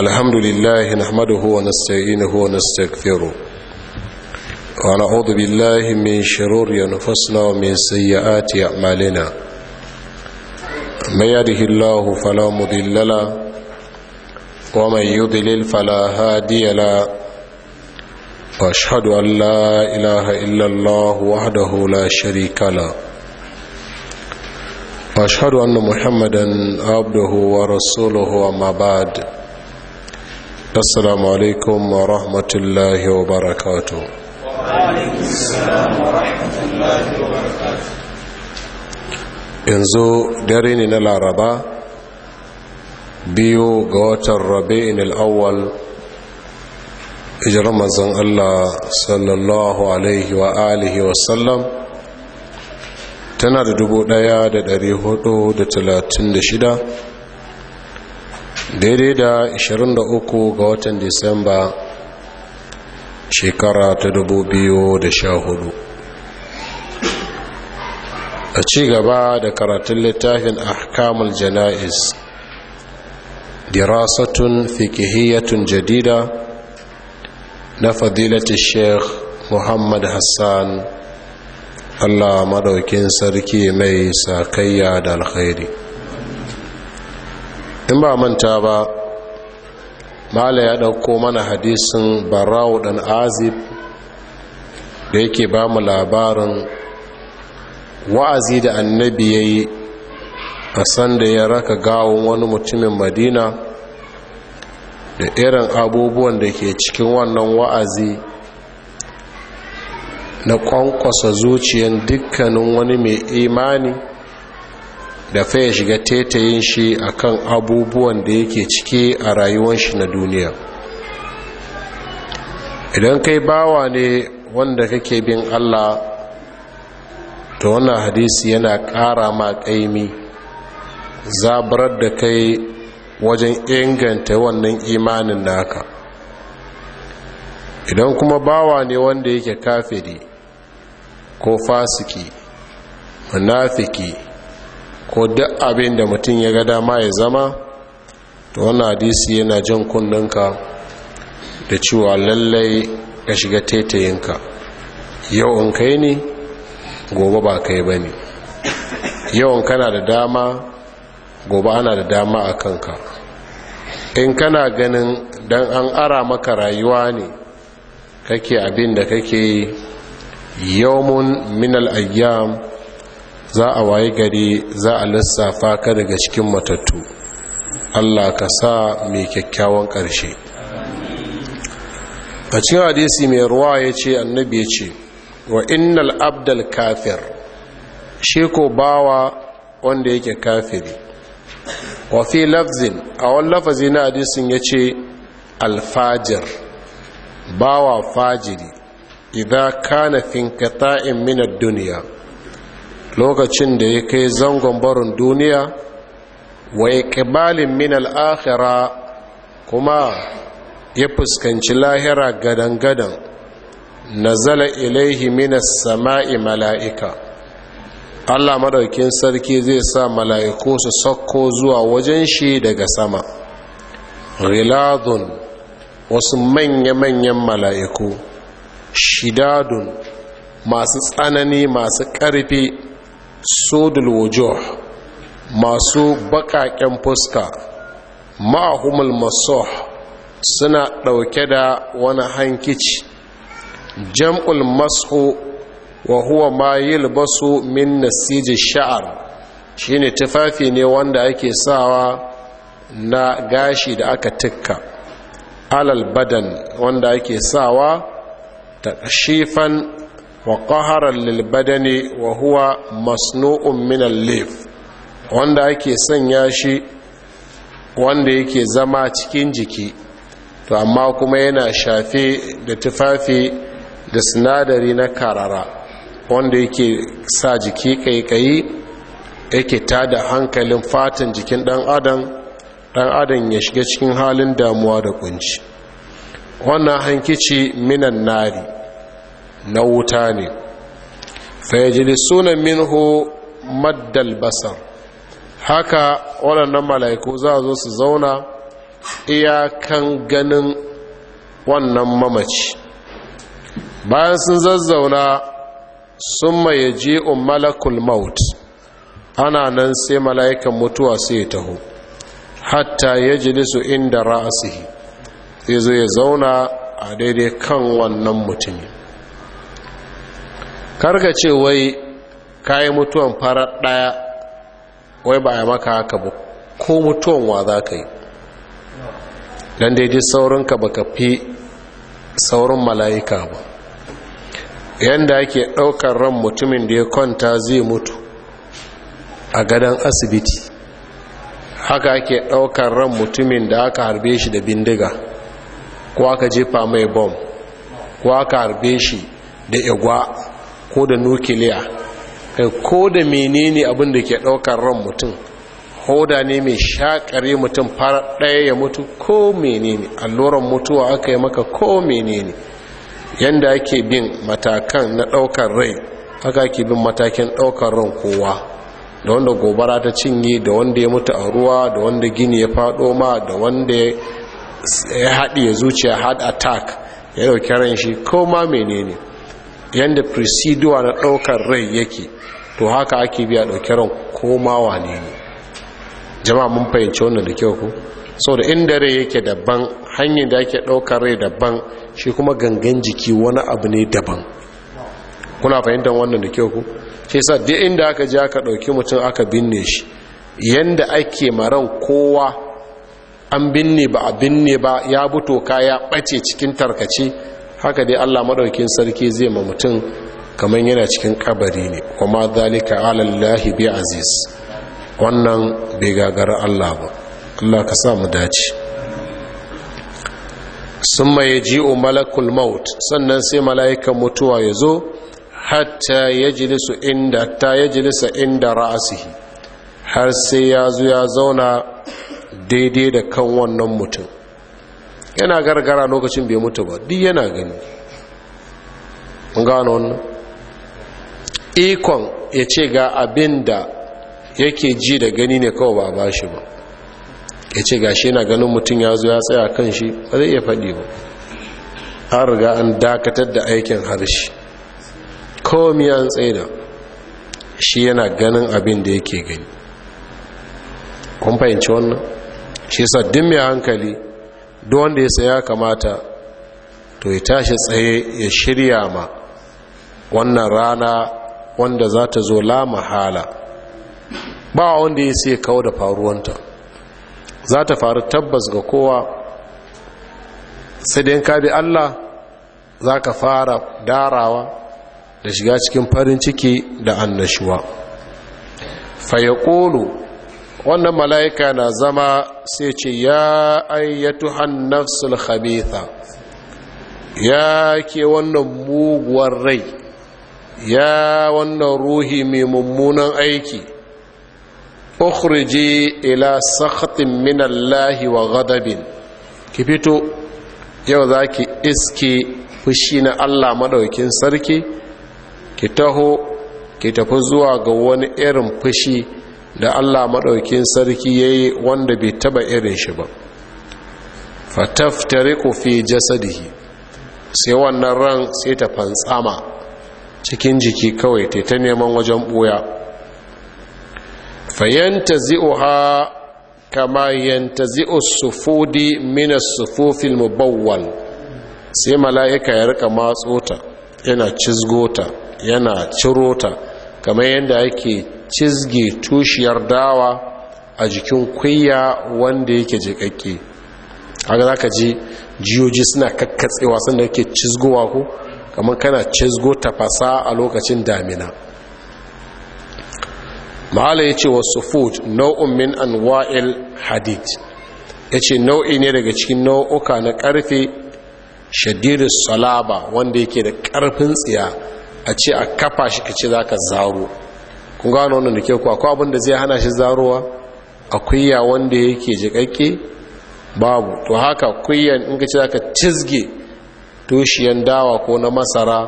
الحمد لله نحمده ونستعينه ونستغفره ونعوذ بالله من شرور أنفسنا ومن سيئات أعمالنا من يده الله فلا مضل له ومن يضلل فلا هادي له واشهد أن لا إله إلا الله وحده لا شريك له واشهد أن محمدا عبده ورسوله وما بعد السلام عليكم ورحمة الله وبركاته وعليكم السلام ورحمة الله ينزو داريني نلا ربا biyu ga watan rabi'in al'awwal hijirar manzon Allah sallallahu alaihi wa alihi wa sallam tana da dubu ɗaya da da ɗari hudu talatin shida. daidai da 23 ga watan disamba shekara ta 2014 a ci gaba da karatun littafin ahkamul jana'iz dirasatun fikihiyatun jadida na fadilati sheikh muhammad hassan allah madaukin sarki mai sakayya da alkhairi in ba manta ba mala ya ɗauko mana hadisin barawo ɗan azib da yake ba mu labarin wa'azi da annabi ya yi a sanda ya raka gawon wani mutumin madina da irin abubuwan da ke cikin wannan wa'azi na kwankwasa zuciyan dukkanin wani mai imani da fa ya shiga tetayin shi akan abubuwan da yake ciki a rayuwar shi na duniya idan kai bawa ne wanda kake bin Allah to wannan hadisi yana ƙara ma ƙaimi zabarar da kai wajen inganta wannan imanin naka idan kuma bawa ne wanda yake kafiri ko fasiki munafiki ko duk abin da mutum ya ga dama ya zama to wannan hadisi yana jan kundinka da cewa lallai ka shiga taitayinka yau in kai ne gobe ba kai ba ne yau kana da dama gobe ana da dama a kanka in kana ganin dan an ara maka rayuwa ne kake abin da kake mun minal ayyam za a waye gari za a lissafa ka daga cikin matattu Allah ka sa mai kyakkyawan ƙarshe a cikin hadisi mai ruwa ya ce annabi ya ce wa innal abdal kafir shi ko bawa wanda yake kafiri wa fi lafzin a wani lafazi na hadisin ya ce alfajir bawa fajiri idan kana finkata'in minar duniya lokacin da ya kai zangon barin duniya wa iqbalin min al’akhira kuma ya fuskanci lahira gadan-gadan zala ilaihi min samai mala'ika Allah madaukin sarki zai sa mala'iku su sakko zuwa wajen shi daga sama riladun wasu manya-manyan mala'iku shidadun masu tsanani masu ƙarfi sodul wujuh masu bakaken fuska ma'ahumul masuh suna ɗauke da wani hankici jam'ul masu wa huwa ma yilbasu min nasiji sha'ar shine tufafi ne wanda ake sawa na gashi da aka tikka alal badan wanda ake sawa ta shifan wa ƙaharar lilbadani wa huwa masnu'un minan lif wanda ake sanya shi wanda yake zama cikin jiki to amma kuma yana shafe da tufafi da sinadari na karara wanda yake sa jiki kaikayi yake tada hankalin fatan jikin ɗan adam ɗan adam ya shiga cikin halin damuwa da kunci wannan hankici minan nari na wuta ne jini sunan minhu maddal basar haka waɗannan mala'iku za zo su zauna iyakan ganin wannan mamaci bayan sun zazzauna sun maye ji'un malakul maut ana nan sai mala'ikan mutuwa sai ya taho hatta ya jilisu inda ra'asihi zai zo ya zauna a daidai kan wannan mutumin karka ce wai ka yi mutuwan farar daya wai ba a maka haka ba ko mutuwan wa za ka yi don daidai saurinka ba ka fi saurin mala'ika ba yadda ake ɗaukar ran mutumin da ya kwanta zai mutu a gadon asibiti haka ake ɗaukar ran mutumin da aka harbe shi da bindiga ko aka jefa mai bom ko aka harbe shi da igwa ko da nukiliya kai ko da menene abin da ke ɗaukar ran mutum hoda ne mai shakare mutum fara ɗaya ya mutu ko menene alluran mutuwa aka yi maka ko menene yanda ake bin matakan na ɗaukar rai aka ke bin matakin ɗaukar ran kowa da wanda gobara ta cinye da wanda ya mutu a ruwa da wanda gini ya faɗo ma da wanda ya haɗi ya zuciya heart attack ya ɗauki ran shi ko ma menene yadda presiduwa na ɗaukar rai yake to haka ake biya ɗauki ran komawa ne ne jama'a mun fahimci wannan da kyau ku sau da inda rai yake daban hanyar da ake ɗaukar rai daban shi kuma gangan jiki wani abu ne daban kuna fahimtar wannan da kyau ku shi sa duk inda aka ji aka ɗauki mutum aka binne shi yanda ake maran kowa an binne ba a binne ba ya buto kaya ɓace cikin tarkace haka dai Allah madaukin sarki zai ma mutum kamar yana cikin kabari ne kuma zalika ala Allah bi aziz wannan bai gagara Allah ba Allah ka sa mu dace summa yaji'u malakul maut sannan sai mala'ikan mutuwa ya zo hatta yajlisu inda ta yajlisa inda ra'asihi har sai ya zo ya zauna daidai da kan wannan mutum yana gargara lokacin bai mutu ba duk yana gani gano wannan ikon ya ce ga abin da yake ji da gani ne kawai ba ba shi ba ya ce ga shi yana ganin mutum ya zo ya tsaya kan shi ba zai iya faɗi ba har riga an dakatar da aikin harshe komi an tsaida shi yana ganin abin da yake gani kun fahimci wannan shi sa mai hankali duk wanda ya saya kamata to ya tashi tsaye ya shirya ma wannan rana wanda za ta zo la mahala ba wanda ya sai kawo da faruwanta za ta faru tabbas ga kowa sai dai ka bi Allah za ka fara darawa da shiga cikin farin ciki da annashuwa ƙolo wannan mala'ika na zama sai ce ya ayyatu hannafsul khabitha ya ke wannan muguwar rai ya wannan ruhi mai mummunan aiki ukhriji ila sakhatin minallahi Lahi wa gadabin ki fito yau za ki iske fushi na Allah maɗaukin sarki ki taho ki tafi zuwa ga wani irin fushi da allah maɗaukin sarki ya yi wanda bai taba irin shi ba ku fi jasadihi sai wannan ran sai ta fantsama cikin jiki kawai ta ta neman wajen ɓuya fayyanta zi'uha kama yanta zi'u sufudi minas sufufil mubawwal sai mala'ika ya rika matsota yana cizgota yana cirota kamar yadda ake cizge tushiyar dawa a jikin kwiya wanda yake jikakke haka za ka ji jiyoji suna kakkatsewa sanda yake cizgowa ku, kamar kana cizgo tafasa a lokacin damina ma'ala ya ce wasu food nau'un min an anwa'il hadid ya ce nau'i ne daga cikin nau'uka na karfe shadidu salaba wanda yake da ƙarfin tsiya a ce a kafa shi ka ce za ka zaro kun gano wannan da ke ku akwai abinda zai hana shi zarowa a kuyya wanda yake jiƙaƙƙe babu to haka kuyya in ka ce za ka cizge tushiyan dawa ko na masara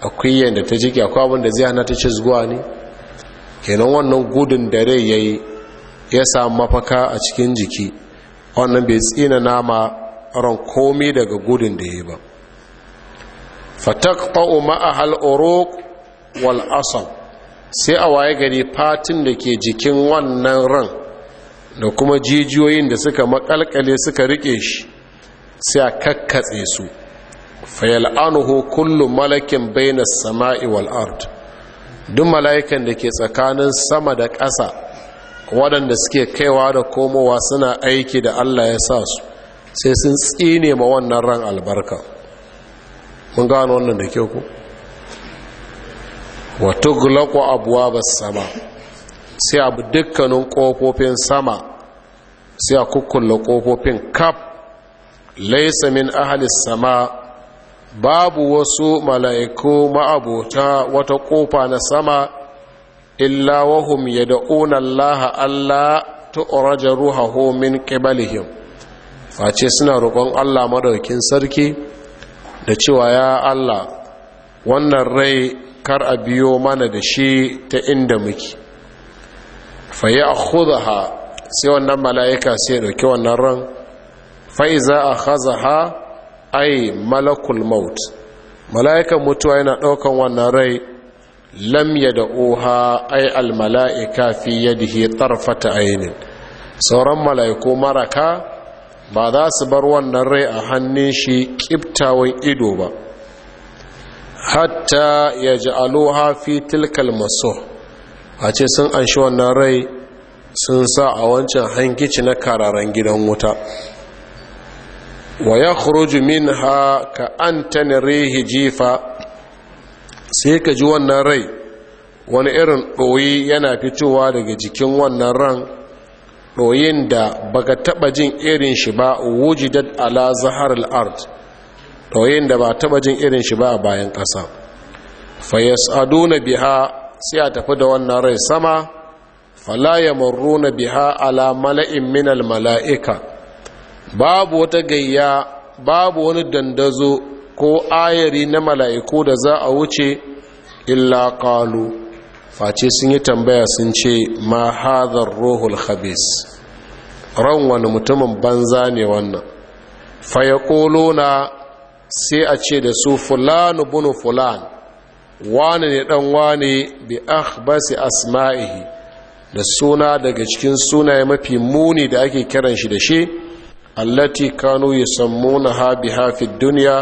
a kuyya da ta jike akwai abinda zai hana ta cizguwa ne kenan wannan gudun da rai ya yi ya samu mafaka a cikin jiki wannan bai tsina nama ran komi daga gudun da ya yi ba fatakfa'u ma'ahal uruk wal sai a waye gari fatin da ke jikin wannan ran da kuma jijiyoyin da suka makalkale suka rike shi sai a kakkatse su fayal'anuhu kullum malakin baina sama'i wal ard duk mala'ikan da ke tsakanin sama da ƙasa waɗanda suke kaiwa da komowa suna aiki da allah ya sa su sai sun tsine ma wannan ran albarka mun gano wannan da kyau ku wato gulaku abuwa ba sama sai abu dukkanin ƙofofin sama sai a kukkulla ƙofofin kaf laisa min ahalis sama babu wasu mala'iku ma'abota wata ƙofa na sama illa wahum ya Allah Allah tu'raja ruhahu min qibalihim face suna roƙon Allah madaukin sarki da cewa ya Allah wannan rai kar a biyo mana da shi ta inda muke ya khudha ha sai wannan mala'ika sai ɗauki wannan ran za a ha ai malakul maut mala'ikan mutuwa yana ɗaukan wannan rai lam ya da oha ai al-mala'i mala’ika fi yadihi tarfata ainin sauran mala'iku maraka ba za su bar wannan rai a hannun shi ƙiftawan ido ba hatta ya ji aloha fi tilkal maso a ce sun anshi wannan rai sun sa a wancan hankici na kararen gidan wuta wa ya min ha ka an rehi jifa sai ka ji wannan rai wani irin ɗoyi yana fitowa daga jikin wannan ran ɗoyin da baka taɓa jin irin shi ba wujidat ala zahar al'ard ɗoyin da ba taɓa jin irin shi ba a bayan ƙasa fayas aduna biha sai a tafi da wannan rai sama fala na biha ala mala'in minal mala'ika babu wata gayya babu wani dandazo ko ayari na mala'iku da za a wuce illa kalu face sun yi tambaya sun ce ma hadar ruhul khabis ran wani mutumin banza ne wannan na sai a ce da su fulani bunu fulan wani ne dan wani bi akhbasi asma'ihi da suna daga cikin sunaye mafi muni da ake kiran shi da shi allati kanu yusammuna ha biha hafi duniya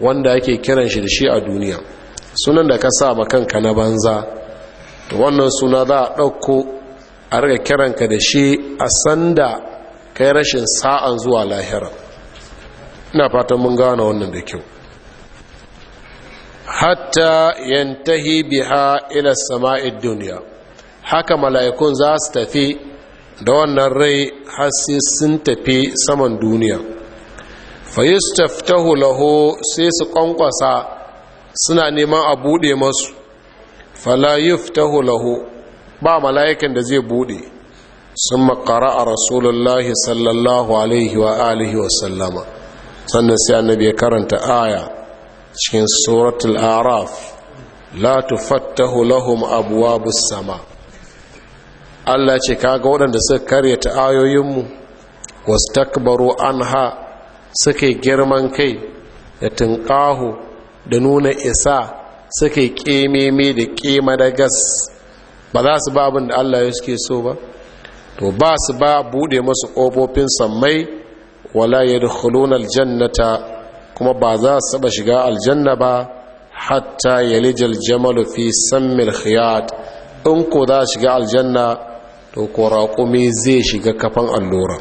wanda ake kiran shi da shi a duniya sunan da ka sa ma kanka na banza to wannan suna za a ɗauko a riga kiranka da shi a sanda kai rashin sa'an zuwa lahira ina fatan mun gane wannan da kyau hatta yantahi biha ila sama'id duniya haka mala'ikun za su tafi da wannan rai har sai sun tafi saman duniya fa yustaftahu lahu sai su kwankwasa suna neman a buɗe masu fala yuftahu lahu ba mala'ikan da zai bude sun makara a rasulullahi sallallahu alaihi wa alihi wa sallama sannan sai annabi ya karanta aya cikin suratul araf la tufattahu lahum abwabus sama Allah ce kaga waɗanda suka karya ayoyin wasu wastakbaru anha suke girman kai da tunƙahu da nuna isa suka yi ƙememe da ƙema da gas ba za su ba abin da allah ya suke so ba to ba su ba buɗe masu ƙofofin sammai wala ya dukkanin aljannata kuma ba za su ba shiga aljanna ba hatta ya lijal jamalu fi sammil khiyat in ko za shiga aljanna to ko raƙumi zai shiga kafan allura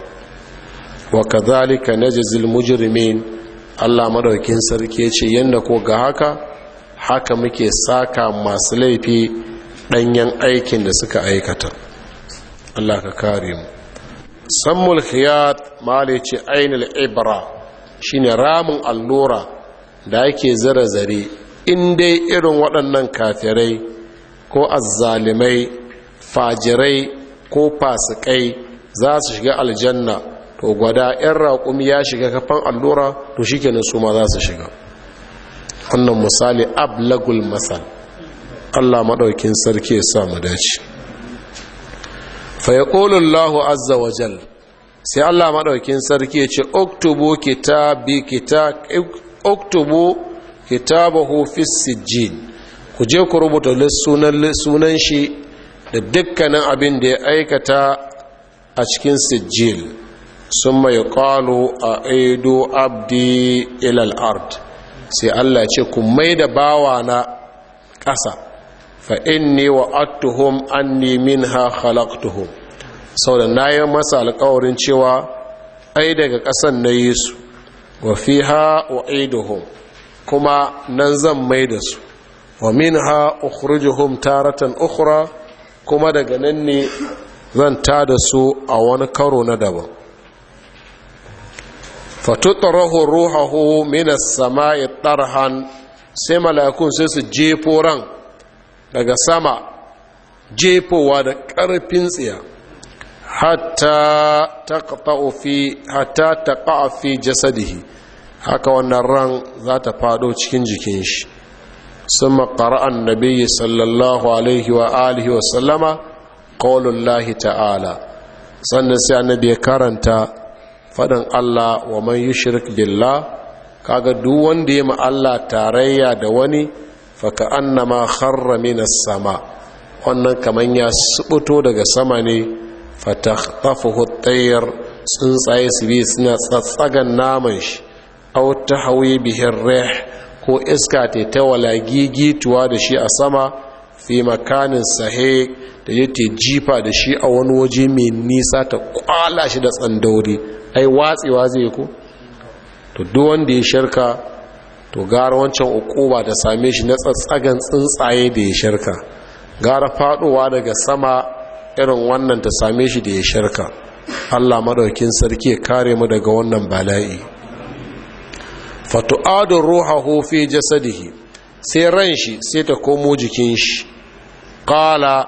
wa kazalika najzil mujirimin Allah madaukin sarki ce yadda ko ga haka haka muke saka masu laifi ɗanyen aikin da suka aikata Allah ka kare mu sammul khiyat mali ce ainul ibra shine ramin allura da ake zara zare in dai irin waɗannan kafirai ko azzalimai fajirai ko fasikai za su shiga aljanna to gwada 'yan raƙumi ya shiga kafan allura to kenan su ma za su shiga wannan misali ablagul masal Allah maɗaukin sarki ya sa dace fa yaqulu Allahu azza wa jal sai Allah maɗaukin sarki ya ce uktubu kitabi kitab oktubu kitabahu fi sijjin ku je ku rubuta sunan shi da dukkanin abin da ya aikata a cikin sijil sun mai ƙwalo a aido abdi ilal ard sai Allah ce ku mai da bawa na ƙasa fa inni wa'adtuhum anni minha da saboda nayi masa alkawarin cewa ai daga ƙasan na yi su wa wa aiduhum kuma nan zan mai da su wa minha ukhrijuhum taratan ukhra kuma daga nan ne zan ta da su a wani karo na daban fatutrahu ruhuhu minas sama'i tarhan sai malakun sai jefo ran daga sama jefowa da ƙarfin tsiya hatta ta fi hatta taqa'a haka wannan ran zata faɗo cikin jikin shi sun makara annabi sallallahu alaihi wa alihi wa sallama ƙaunullahi ta'ala sannan sai annabi ya karanta faɗin Allah wa man shirk billah kaga duk wanda ya ma Allah tarayya da wani faka annama kharra minas sama' wannan kamar ya subuto daga sama ne fatakhtafuhu at-tayr tsuntsaye su bi suna tsatsagan naman shi aw tahwi bihi ar-rih ko iska ta ta tuwa da shi a sama fi makanin sahiq da yake jifa da shi a wani waje mai nisa ta kwala shi da tsandauri ai watsewa zai ku to duk wanda ya sharka to gara wancan ukuba da same shi na tsatsagan tsuntsaye da ya sharka gara faduwa daga sama irin wannan ta same shi da ya sharka Allah madaukin sarki ya kare mu daga wannan bala'i fatu'adu ruhahu fi jasadihi sai ran shi sai ta komo jikin shi qala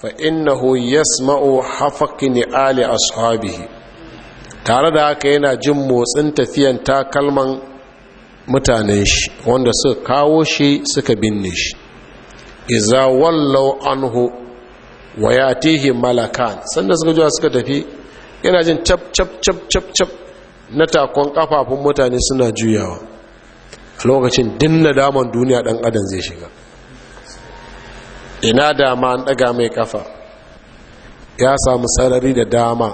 fa innahu yasma'u hafaqni ali ashabihi tare da haka yana jin motsin tafiyan takalman mutanen shi wanda suka kawo shi suka binne shi iza wallau anhu wa yatihi malakan sanda suka jiwa suka tafi yana jin cap cap cap cap cap na takon kafafun mutane suna juyawa a lokacin dinna daman duniya dan adam zai shiga ina dama an daga mai kafa ya samu sarari da dama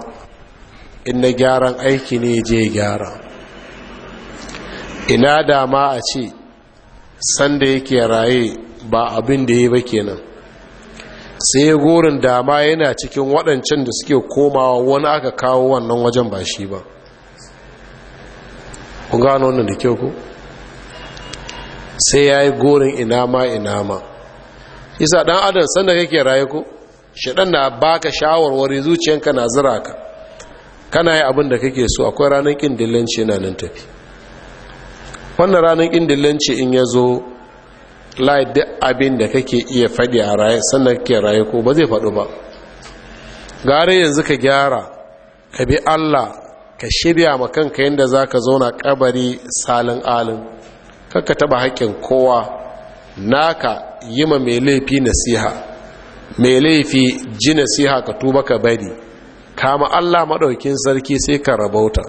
na gyaran aiki ne je gyara ina dama a ce sanda yake raye ba abin da ya ba kenan sai gurin dama yana cikin waɗancan da suke komawa wani aka kawo wannan wajen ba shi ba ku gano wannan da kyau ku sai ya yi gurin inama inama isa ɗan adam sanda kake raye ku shaɗan na baka shawarwari zuciyanka na zira ka kana yi abin da kake so akwai ranar ƙin dillanci yana nan tafi wannan ranar ƙin dillanci in ya zo layi duk abin da kake iya faɗi a raye sannan ke raye ko ba zai faɗo ba gare yanzu ka gyara ka bi allah ka shirya ma kanka yadda za ka zauna kabari salin alin kanka taɓa haƙƙin kowa naka yi ma mai laifi nasiha mai laifi ji nasiha ka tuba ka bari kama Allah maɗaukin sarki sai ka rabauta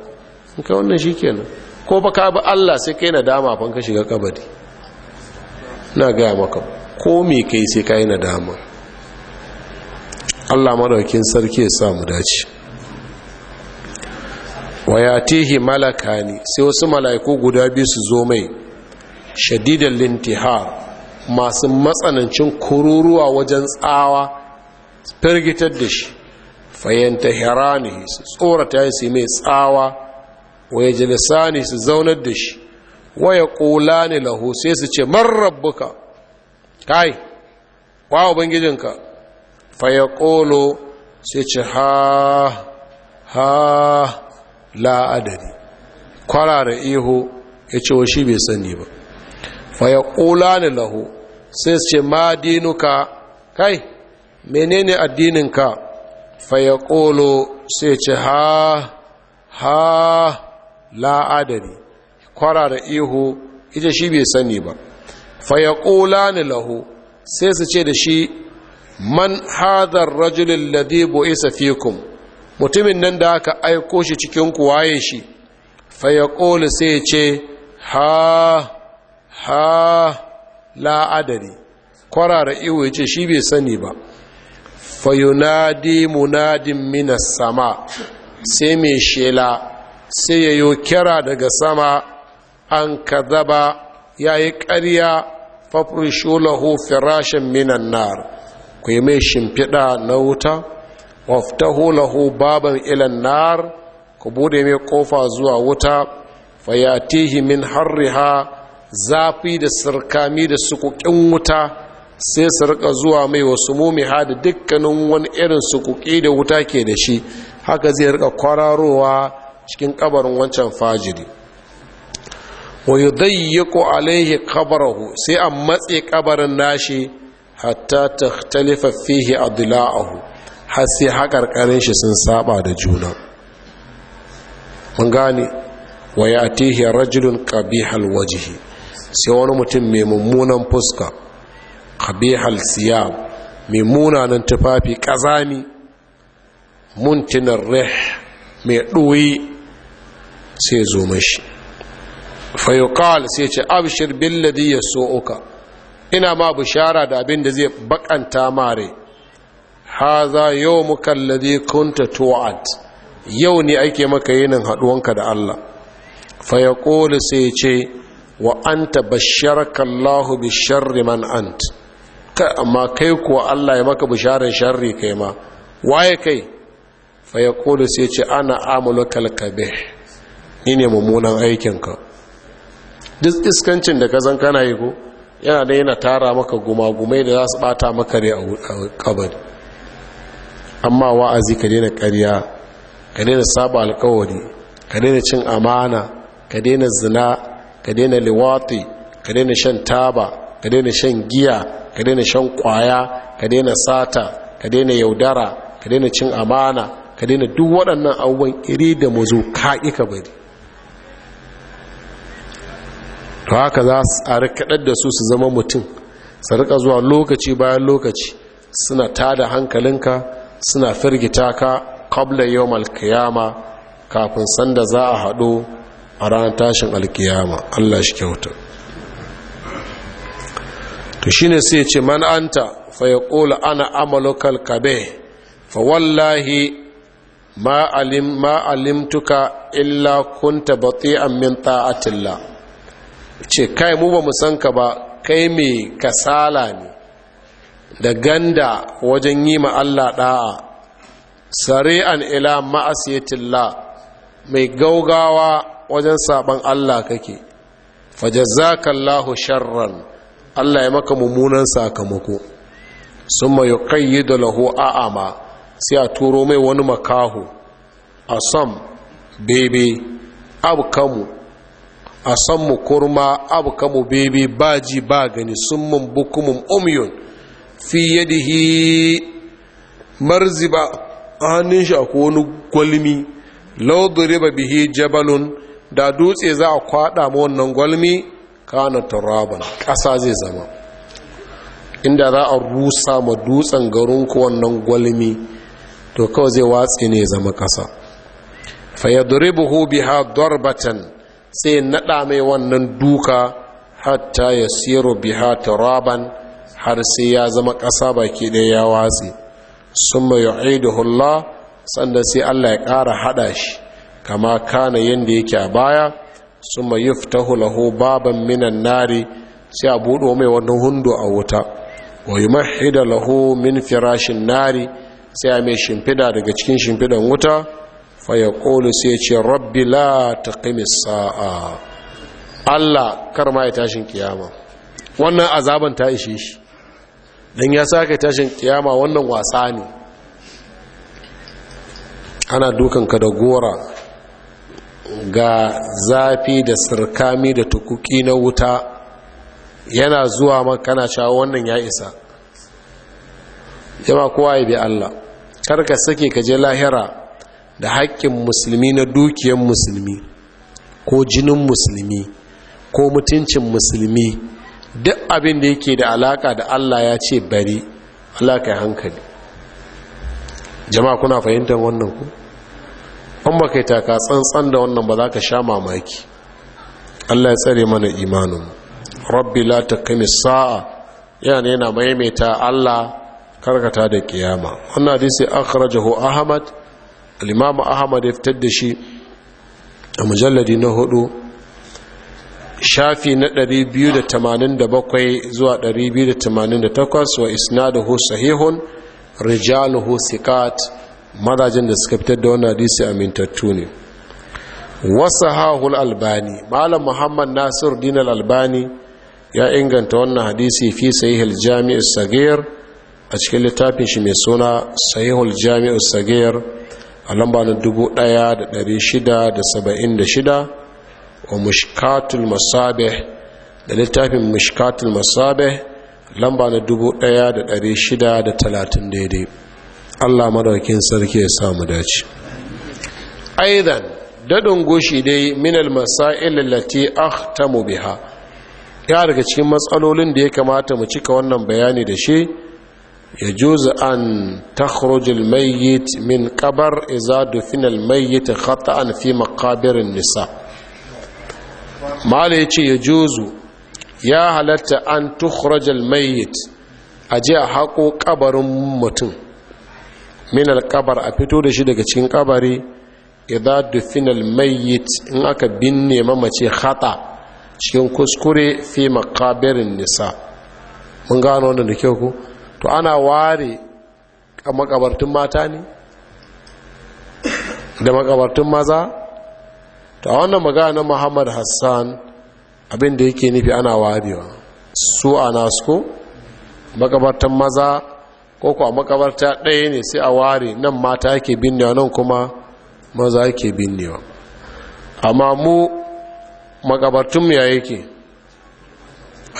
ka wannan shi kenan ko ba ka bi Allah sai kai nadama fan ka shiga kabari na gaya maka ko me kai sai ka yi nadama Allah maɗaukin sarki ya sa mu dace Wayatihi malakani sai wasu mala'iku guda biyu su zo mai shadidan lintihar masu matsanancin kururuwa wajen tsawa firgitar da shi fayyanta herani su tsorata ya su mai tsawa waya ne su zaunar da shi waya ƙula ne laho sai su ce marrabbuka kai wa ubangijinka faya kolo sai ce ha ha la'adari kwarara ihu ya ce wa shi bai sani ba faya ƙula ne laho sai su ce ma dinuka kai menene addininka faya sai ce ha ha la'adari kwara da ihu ita shi bai sani ba faya ni laho sai su ce da shi man hadar rajulun ladibu isa fikun mutumin nan da aka aiko shi cikin kuwaye shi faya sai ce ha ha la'adari kwara da ihu ya ce shi bai sani ba fayunadi munadin minas sama sai mai shela sai ya yi kira daga sama an kazaba ya yi ƙarya fafirishu lahu firashin minan nar ku yi mai shimfiɗa na wuta waftahu lahu baban ilan nar ku bude mai ƙofa zuwa wuta fayatihi min harriha zafi da sirkami da sukukin wuta sai su rika zuwa mai wasu mumiha da dukkanin wani irin su kuki da wuta ke da shi haka zai rika kwararowa cikin kabarin wancan fajiri wa yudayyiqu alaihi hu? sai a matse ƙabarin nashi hatta takhtalifa fihi adla'ahu har sai hakarkarin shi sun saba da juna mun gane wa ya'tihi rajulun qabihal wajhi sai wani mutum mai mummunan fuska qabihal siyam mai munanan tufafi kazami muntinar rih mai ɗoyi sai zo mashi fayuqal sai ce abshir so uka, ina ma bishara da abin da zai bakanta mare haza yawmuka alladhi kunta tu'ad yau ne ake maka yinin haduwanka da Allah fayaqulu sai ce wa anta basharaka Allah man anta Ka amma kai kuwa Allah ya maka bisharar sharri kai ma waye kai fa ya sai ce ana amalukal kalkabe ni ne mummunan aikinka duk iskancin da ka zan kana yi ko yana da yana tara maka gumagumai da za su bata maka ne a kabari amma wa'azi ka daina karya ka daina saba alkawari ka daina cin amana ka daina zina ka daina liwati ka daina shan taba ka daina shan giya ka daina shan kwaya ka daina sata ka daina yaudara ka daina cin amana ka daina duk waɗannan abubuwan iri da mazo ka ka bari to haka za su a rikaɗar da su su zama mutum su rika zuwa lokaci bayan lokaci suna tada hankalinka suna firgita ka kabla yau alkiyama kafin sanda za a haɗo a ranar tashin alkiyama allah shi kyauta to shine sai ya ce man anta fa ya ƙola ana amalokal kabe fa wallahi ma alim ma alimtuka illa kunta bati'an min ta'atillah ce kai mu ba mu san ka ba kai mai kasala ne da ganda wajen yi ma Allah da'a sari'an ila ma'asiyatillah mai gaugawa wajen saban Allah kake Fa jazakallahu sharran Allah ya maka mummunan sakamako sun ma yi da laho a'ama sai a turo mai wani makaho a sam bebe abkamu a sammu kurma abkamu bebe baji ba gani mun bukumun umyun fi yadihi marziba a hannun shi a wani gwalmi laudure ba bihi jabalun da dutse za a kwada ma wannan gwalmi kana turaban ƙasa zai zama inda za a rusa ma dutsen garinku wannan gwalmi to kawai zai watsi ne zama ƙasa buhu biha darbatan sai naɗa mai wannan duka hatta ya yasiru biha turaban har sai ya zama ƙasa baki ɗaya ya watsi summa yu'iduhu Allah sannan sai Allah ya ƙara haɗa shi kama kana yanda yake a baya suma yuftahu lahu baban minan nari sai a buɗo mai wani hundu a wuta wa yumahhida lahu min firashin nari sai a mai shimfida daga cikin shimfidan wuta fa yaqulu sai ce rabbi la taqimis sa'a Allah kar ma ya tashin kiyama wannan azaban ta ishe shi dan ya saka tashin kiyama wannan wasa ne ana dukanka da gora ga zafi da sirkami da tukuki na wuta yana zuwa makana cewa wannan ya isa jama kowa ya bi Allah karka sake ka je lahira da haƙƙin musulmi na dukiyar musulmi ko jinin musulmi ko mutuncin musulmi duk abin da yake da alaka da Allah ya ce bari alaka kai hankali jama'a kuna fahimtar wannan ku an ba kai taka tsantsan da wannan ba za ka sha mamaki allah ya tsare mana imanin rabbi la ta kani sa'a yana yana maimaita allah karkata da kiyama wannan hadisi akhrajahu ahmad ahamad imam ahmad ya fitar da shi a mujalladi na hudu shafi na 287 zuwa 288 wa isna isnaduhu sahihun rijaluhu sikat mazajen da suka fitar da wannan hadisi amintattu ne wasu hahul albani malam muhammad nasiru dinar albani ya inganta wannan hadisi fi sahihul jami'ar sagir a cikin littafin shi mai suna sahihul jami'ar sagayar a lamba na 1676 wa mushkatul masabih da littafin mushkatul masabe lamba na 1630 daidai Allah madaukin sarki ya samu dace aidan dadin goshi dai min al-masail allati akhtamu biha ya daga cikin matsalolin da ya kamata mu cika wannan bayani da shi ya juzu an takhruj al-mayyit min qabr idza dufina al-mayyit khata'an fi maqabir an-nisa mala yace ya juzu ya halatta an tukhraj al-mayyit aje a haƙo kabarin mutum min kabar a fito da shi daga cikin kabari idan dufinal mayyit in aka binne mamace hata cikin kuskure fi makabirin nisa mun gano wannan da kyau ku to ana ware makabartun mata ne da makabartun maza a wannan magana muhammad hassan abinda yake nufi ana warewa su a nasko makabartan maza ko kuwa makabarta ɗaya ne sai a ware nan mata ake binnewa nan kuma maza ake binnewa amma mu makabartunmu ya yake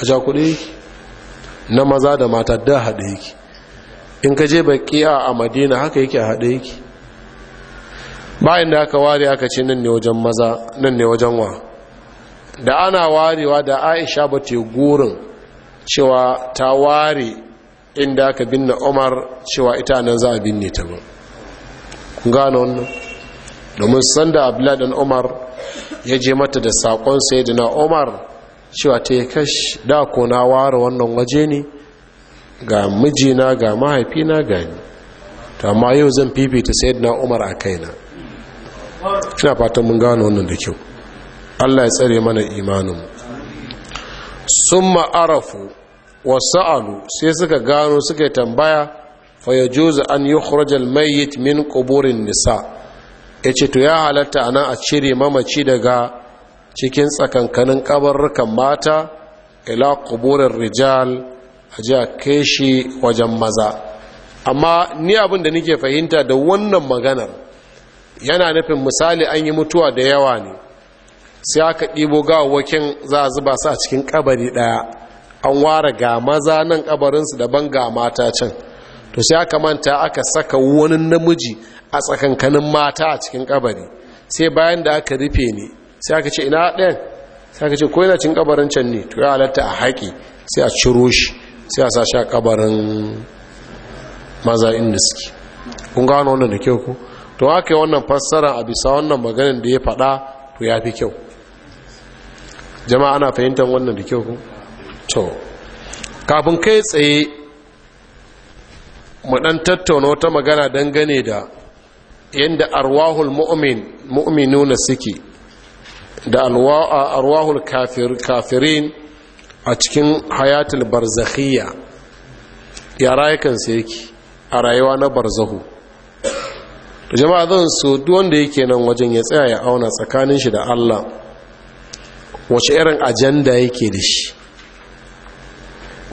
a sha kuɗi yake na maza da mata da haɗe yake in ka je baƙiya a madina haka yake a haɗe yake bayan da aka ware aka ce nan ne wajen maza nan ne wajen wa da ana warewa da aisha ba te gurin cewa ta ware inda aka binne umar cewa ita nan za a binne ta ba kun gano wannan domin sanda abdullahi dan umar ya je mata da sakon sayyidina umar cewa ta yi kash da ko na ware wannan waje ne ga mijina ga mahaifina ga ni to amma yau zan fifita sayyidina umar a kaina ina fatan mun gano wannan da kyau Allah ya tsare mana imanin summa arafu alu sai suka gano suka tambaya fayajuzu an yi hurajen mayyit min kuburin nisa ya ce to ya halatta a a cire mamaci daga cikin tsakankanin kabarrukan mata ila kuburin rijal a ji kai shi wajen maza amma ni abin da nike fahimta da wannan maganar yana nufin misali an yi mutuwa da yawa ne sai aka ɗibo gawawakin za a zuba su a cikin kabari ɗaya an ware ga maza nan kabarinsu daban ga mata can to sai aka manta aka saka wani namiji a tsakankanin mata a cikin kabari sai bayan da aka rufe ne sai aka ce ina ɗayan sai aka ce ko yana cin kabarin can ne to ya halatta a haƙi sai a ciro shi sai a sashi a kabarin maza inda suke kun gano wannan da kyau ku to aka yi wannan fassara a bisa wannan maganin da ya faɗa to ya fi kyau jama'a ana fahimtar wannan da kyau ku to kafin kai tsaye mu dan tattauna wata magana dangane da yadda arwahul mu'min mu'minuna suke da arwahul kafir kafirin a cikin hayatul barzakhiya ya rayukan a rayuwa na barzahu jama'a zan so duk wanda yake nan wajen ya tsaya ya auna tsakanin shi da Allah wace irin ajanda yake da shi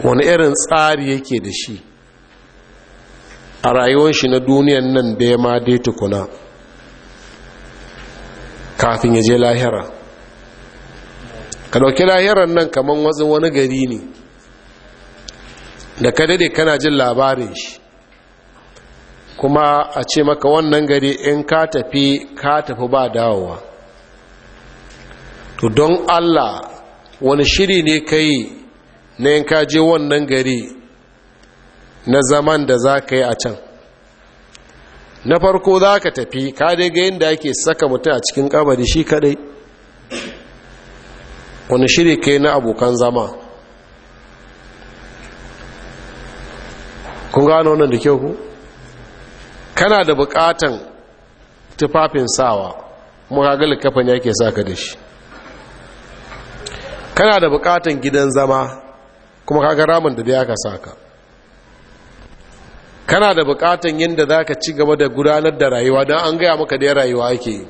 wani irin tsari yake da shi a rayuwar shi na duniyan nan da ya ma dai tukuna kafin ya je lahira ka dauki lahiran nan kamar wazin wani gari ne da ka dade kana jin labarin shi kuma a ce maka wannan gari in ka tafi ka tafi ba dawowa to don allah wani shiri ne ka yi na yin kaje wannan gari na zaman da za ka yi a can na farko za ka tafi ka daga yin yadda ake saka mutum a cikin kabari shi kadai wani shiri kai na abokan zama kun gano wannan da kyau ku kana da bukatan tufafin sawa kuma ka galin kafan ke saka da shi kana da bukatan gidan zama kuma kaga ramin da dai aka Ka kana da bukatan yadda za ka ci gaba da gudanar da rayuwa don an gaya maka dai rayuwa ake yi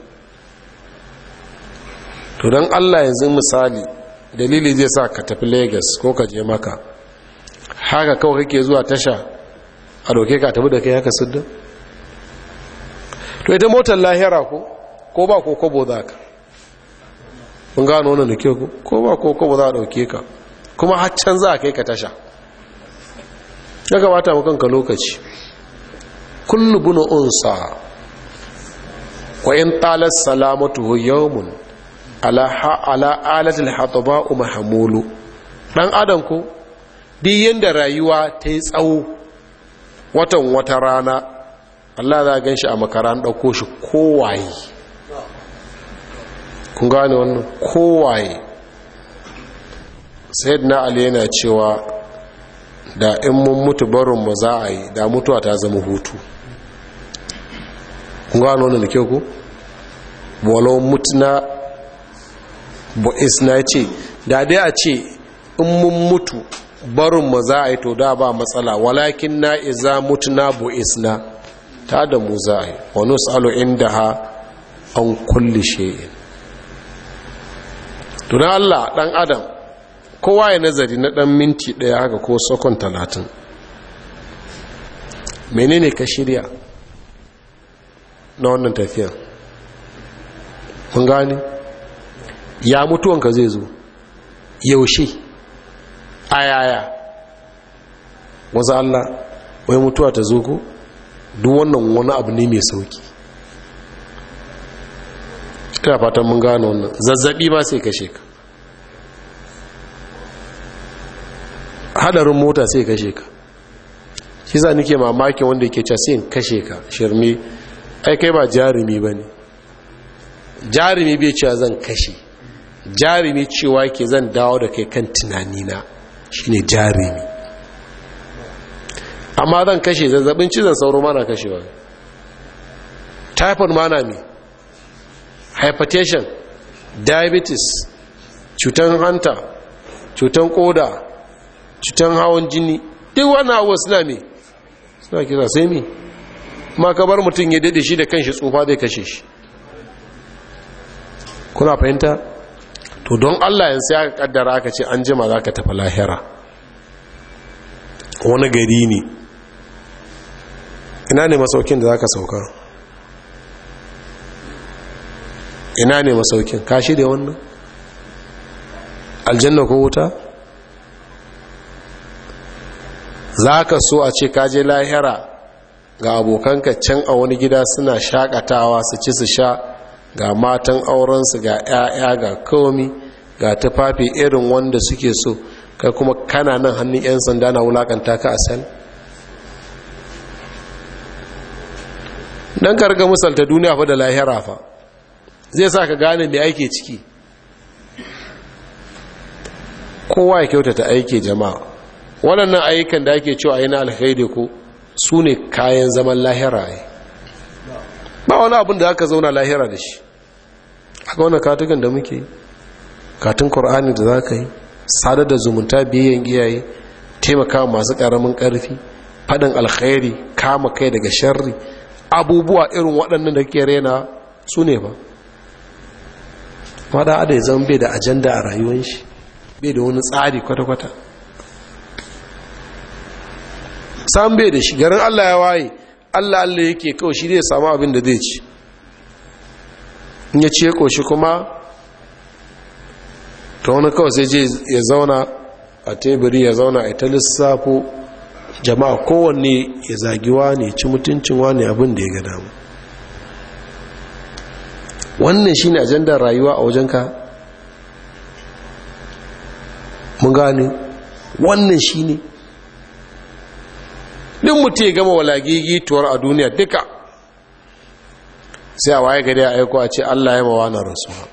to don allah yanzu misali dalili zai sa ka tafi lagos ko ka je maka haka kawai kake zuwa tasha a doke ka tafi da kai haka siddin to ita motar lahira ko ko ba ko kobo za ka kun gano wannan da ke ko ba ko kobo za a dauke ka kuma haccan za a kai ka tasha ya kamata mu kanka lokaci kullu bunu unsa wa in talat salamatuhu yawmun ala ala alatil hataba mahmulu dan adam ko duk yanda rayuwa ta yi tsawo watan wata rana Allah za gan shi a makaran ɗauko shi kowaye kun gane wannan kowaye sayyidina ali yana cewa da in mun mutu barin mu za a yi da mutuwa ta zama hutu kun gano wannan da kyau ku walau mutuna bo'is na ce da dai a ce in mun mutu barin mu za a yi to da ba matsala walakin na iza mutuna bo'is na ta da mu za a yi wani salo inda ha an kulle shi'in tunan allah dan adam kowa ya nazari na ɗan minti ɗaya haka ko sakon talatin menene ka shirya na wannan tafiya mun gani ya mutuwanka zai zo yaushe a yaya wasu allah wai mutuwa ta zo ko duk wannan wani abu ne mai sauki ina fatan mun gano wannan zazzabi ma sai kashe ka hadarin mota sai kashe ka shi za nike mamakin wanda ke casin sai kashe ka shirme ai kai ba jarumi ba ne jarumi bai cewa zan kashe jarumi cewa ke zan dawo da kai kan tunanina shine jarumi amma zan kashe zazzabin cizon sauro mana kashewa typhoid mana ne hypertension diabetes cutan hanta cutan koda cutan hawan jini duk wani abuwa suna mai suna kira sai me ma ka bar mutum ya daɗe shi da kanshi tsufa zai kashe shi kuna fahimta to don allah yanzu ya kaddara aka ce an jima za ka tafi lahira wani gari ne ina ne masaukin da za ka sauka ina ne masaukin kashi da wannan aljanna ko wuta za ka so a ce kaje lahira ga abokanka can a wani gida suna shakatawa su ci su sha ga matan aurensu ga 'ya'ya ga komi ga tufafi irin wanda suke so kai kuma kana nan hannun 'yan sanda na wulakanta ka a sani don karga misalta duniya fa da lahira fa zai sa ka gane mai ake ciki kowa ya kyautata aiki jama'a waɗannan ayyukan da ake cewa yana alkhairi ko su ne kayan zaman lahira ne ba wani abin da aka zauna lahira da shi aka wani katukan da muke katun Kur'ani da za ka yi sadar da zumunta biyayyan iyaye taimaka masu ƙaramin ƙarfi faɗin alkhairi kama kai daga sharri abubuwa irin waɗannan da ke rena su ne ba ma da ya zama bai da ajanda a rayuwan shi bai da wani tsari kwata-kwata san bai da shi garin Allah ya waye Allah Allah yake kawai shi zai samu abin da zai ci in ya ci koshi kuma ta wani kawai sai je ya zauna a teburi ya zauna a ta lissafo jama'a kowanne ya zagi ne ci mutuncin wani abin da ya gada mu wannan shine ajandar rayuwa a wajenka mun gane wannan shine duk mutu ya gama walagigi tuwar a duniya duka sai a waye gari a aiko a ce allah ya mawa na rasuwa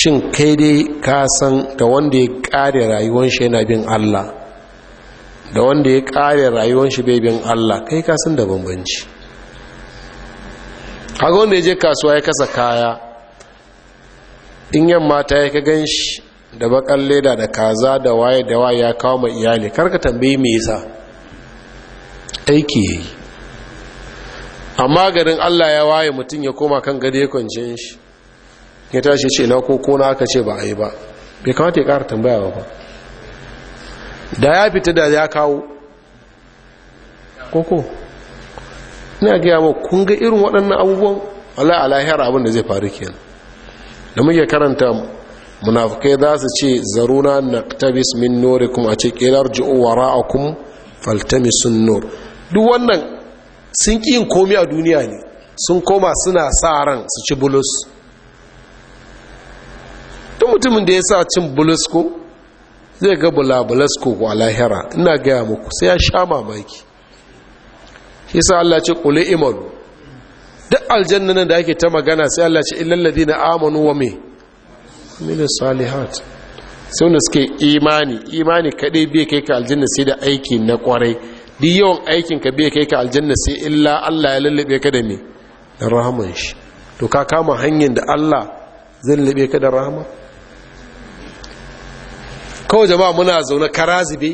shin kai dai ka san da wanda ya kare rayuwan shi yana bin allah da wanda ya kare rayuwan shi bai bin allah kai ka san da bambanci haka wanda ya je kasuwa ya kasa kaya in yamma ta yi ka gan shi da bakan leda da kaza da waye da waye ya kawo mai iyali karka tambayi me yasa aiki yayi amma garin Allah ya waye mutum ya koma kan gade ya kwance shi ya tashi ce na ko na aka ce ba a yi ba bai kamata ya kara tambaya ba da ya fita da ya kawo koko ina gaya ma kun ga irin waɗannan abubuwan ala alahiyar abin da zai faru kenan da muke karanta munafukai za su ce zaruna tabis min nurikum a ce qilar ju'u wara'akum faltamisun nur duk wannan sun ƙi yin komi a duniya ne sun koma suna sa ran su ci bulus duk mutumin da ya sa cin bulus ko zai ga bulus ko a lahira ina gaya muku sai ya sha mamaki shi sa Allah ce kuli imanu duk aljanna da ake ta magana sai Allah ce illal ladina amanu wa me min salihat sai wanda suke imani imani kadai bai kai ka aljanna sai da aiki na kwarai duk yawan aikin ka bai kai ka aljanna sai illa Allah ya lallabe ka da me da rahaman shi to ka kama hanyar da Allah zai lallabe ka da rahama kawai jama'a muna zaune karazibe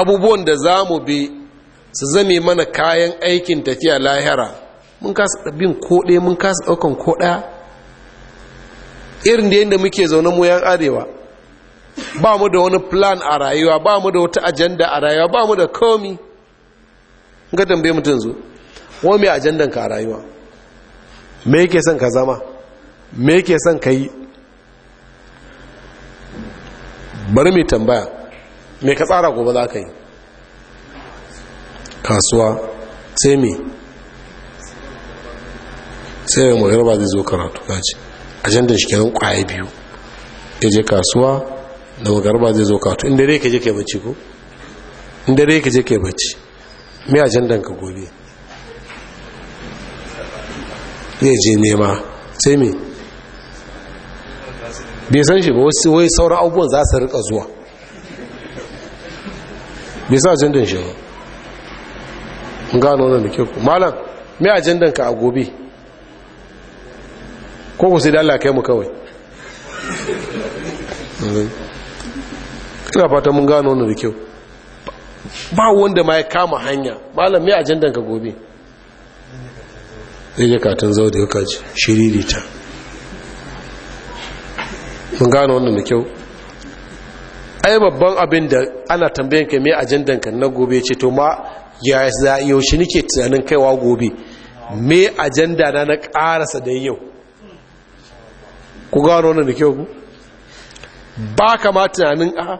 abubuwan da za mu bi su zame mana kayan aikin tafiya lahira mun kasa bin koɗe mun kasa ɗaukan ko ɗaya irin da yadda muke zaune mu yan arewa ba mu da wani plan a rayuwa ba mu da wata ajanda a rayuwa ba mu da komi ga tambaye mutum zo wa mai ajandan ka a rayuwa me yake son ka zama me yake son ka yi bari mai tambaya me ka tsara gobe za ka yi kasuwa sai me sai mai magana ba zai zo karatu kaci ajandar shi kenan kwaya biyu ya je kasuwa da magarba zai zo kato inda rai ka je kai bacci ko inda rai ka je kai bacci me ajandar ka gobe zai je nema sai me bai san shi ba wasu wai sauran abubuwan za su rika zuwa bai sa ajandar shi ba gano nan da kyau malam me ajandar ka a gobe ko ku sai da Allah kai mu kawai ina fata mun gano wannan da kyau ba wanda ma ya kama hanya malam ya ajandan ka gobe zai je tun zau da ji shiriri ta mun gano wannan da kyau ai babban abin da ana tambayan ka mai ajandan ka na gobe ce to ma ya yaushe nake tunanin kaiwa gobe me ajanda na na karasa da yau ku gano wannan da kyau ku ba kama tunanin a